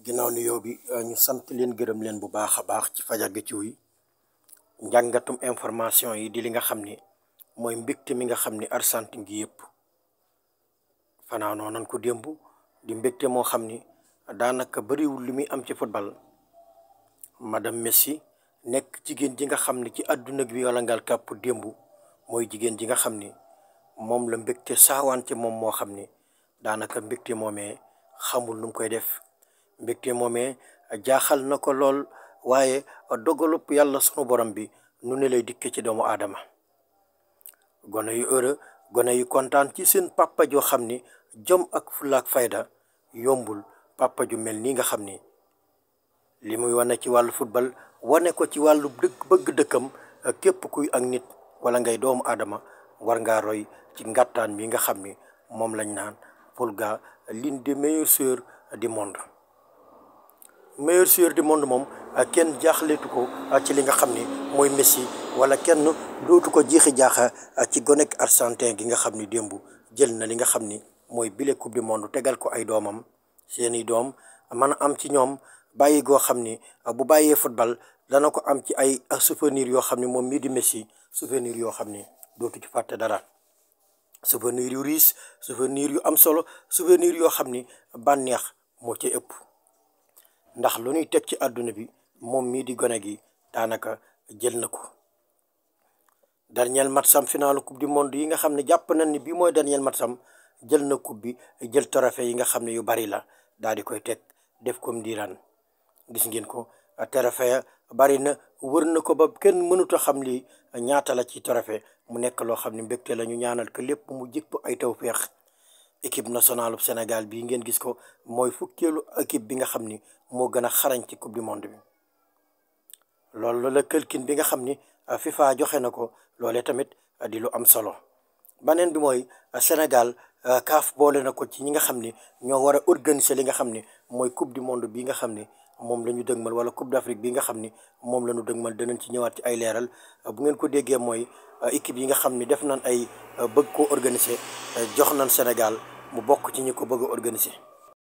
ginaaw ni yow bi euh, ñu sant leen gërëm leen bu baax a baax ci fajar gi ci wuy njàngatum information yi di li nga xam ni mooy mbégte mi nga xam ni Argentine gi yëpp fanaanoo nan ko démb di mbégte moo xam ni daanaka bariwul li muy am ci football madame Messi nekk jigéen ji nga xam ni ci àdduna bi wala ngal kàpp démb mooy jigéen ji nga xam ni moom la mbégte saawaan ci moom moo xam ni daanaka mbégte moomee xamul nu koy def mbégte moomee jaaxal na ko lool waaye dogalub yàlla sunu borom bi nu ne lay dikke ci doomu aadama gone yu heureux gone yu kontaan ci seen papa joo xam ni jom ak fulaak fayda yombul papa ju mel nii nga xam ni li muy wane ci wàllu futbal wane ko ci wàllu dëkk bëgg dëkkam képp kuy ak nit wala ngay doomu aadama war ngaa roy ci ngàttaan bi nga xam ni moom lañ naan Pulga l'une des meilleures sœurs du monde meilleur joueur du monde moom ah, kenn jaaxleetu ko ah, ci li nga xam ni mooy Messi wala kenn dootu ko jiixi jaaxa ah, ci gonek argentin gi nga xam ni démb jël na li nga xam ni mooy bile coupe du monde tegal ko ay doomam seeni doom mën a am ci ñoom bàyyi goo xam ni bu bàyyee football dana ko am ci ay souvenir yoo xam ni moom mii di Messi souvenir yoo xam ni dootu ci fàtte dara souvenir yu riis souvenir yu am solo souvenir yoo xam ni bànneex moo ci ëpp ndax lu ñuy teg ci àdduna bi moom mii di gone gi daanaka jël na ko dernier matcham finalu coupe du monde yi nga xam ne jàpp nañ ni bii mooy dernier matcham jël na coupe bi jël trophée yi nga xam ne yu bari la daal di koy teg def ko ndiiraan gis ngeen ko trophée bari na wër na ko ba kenn mënut a xam ni ñaata la ci trophée mu nekk loo xam ne mbégte la ñu ñaanal ko lépp mu jik ay tawféex équipe nationale bu Sénégal bii ngeen gis ko mooy fukkeelu équipe bi nga xam ni moo gën a xarañ ci coupe du monde bi loolu la këlkin bi nga xam ni euh, FIFA joxe na ko loolee tamit euh, di lu am solo beneen bi mooy euh, Sénégal kaaf boole na ko ci ñi nga xam ni ñoo war a organiser li nga xam ni mooy coupe du monde bi nga xam ni moom la ñu mal wala coupe d'Afrique bi nga xam ni moom la ñu dëgmal danañ ci ñëwaat ci ay leeral bu ngeen ko déggee mooy Euh, équipe yi nga xam ni def nañ ay euh, bëgg ko organiser euh, jox nañ Sénégal mu bokk ci ñu ko bëgg a organiser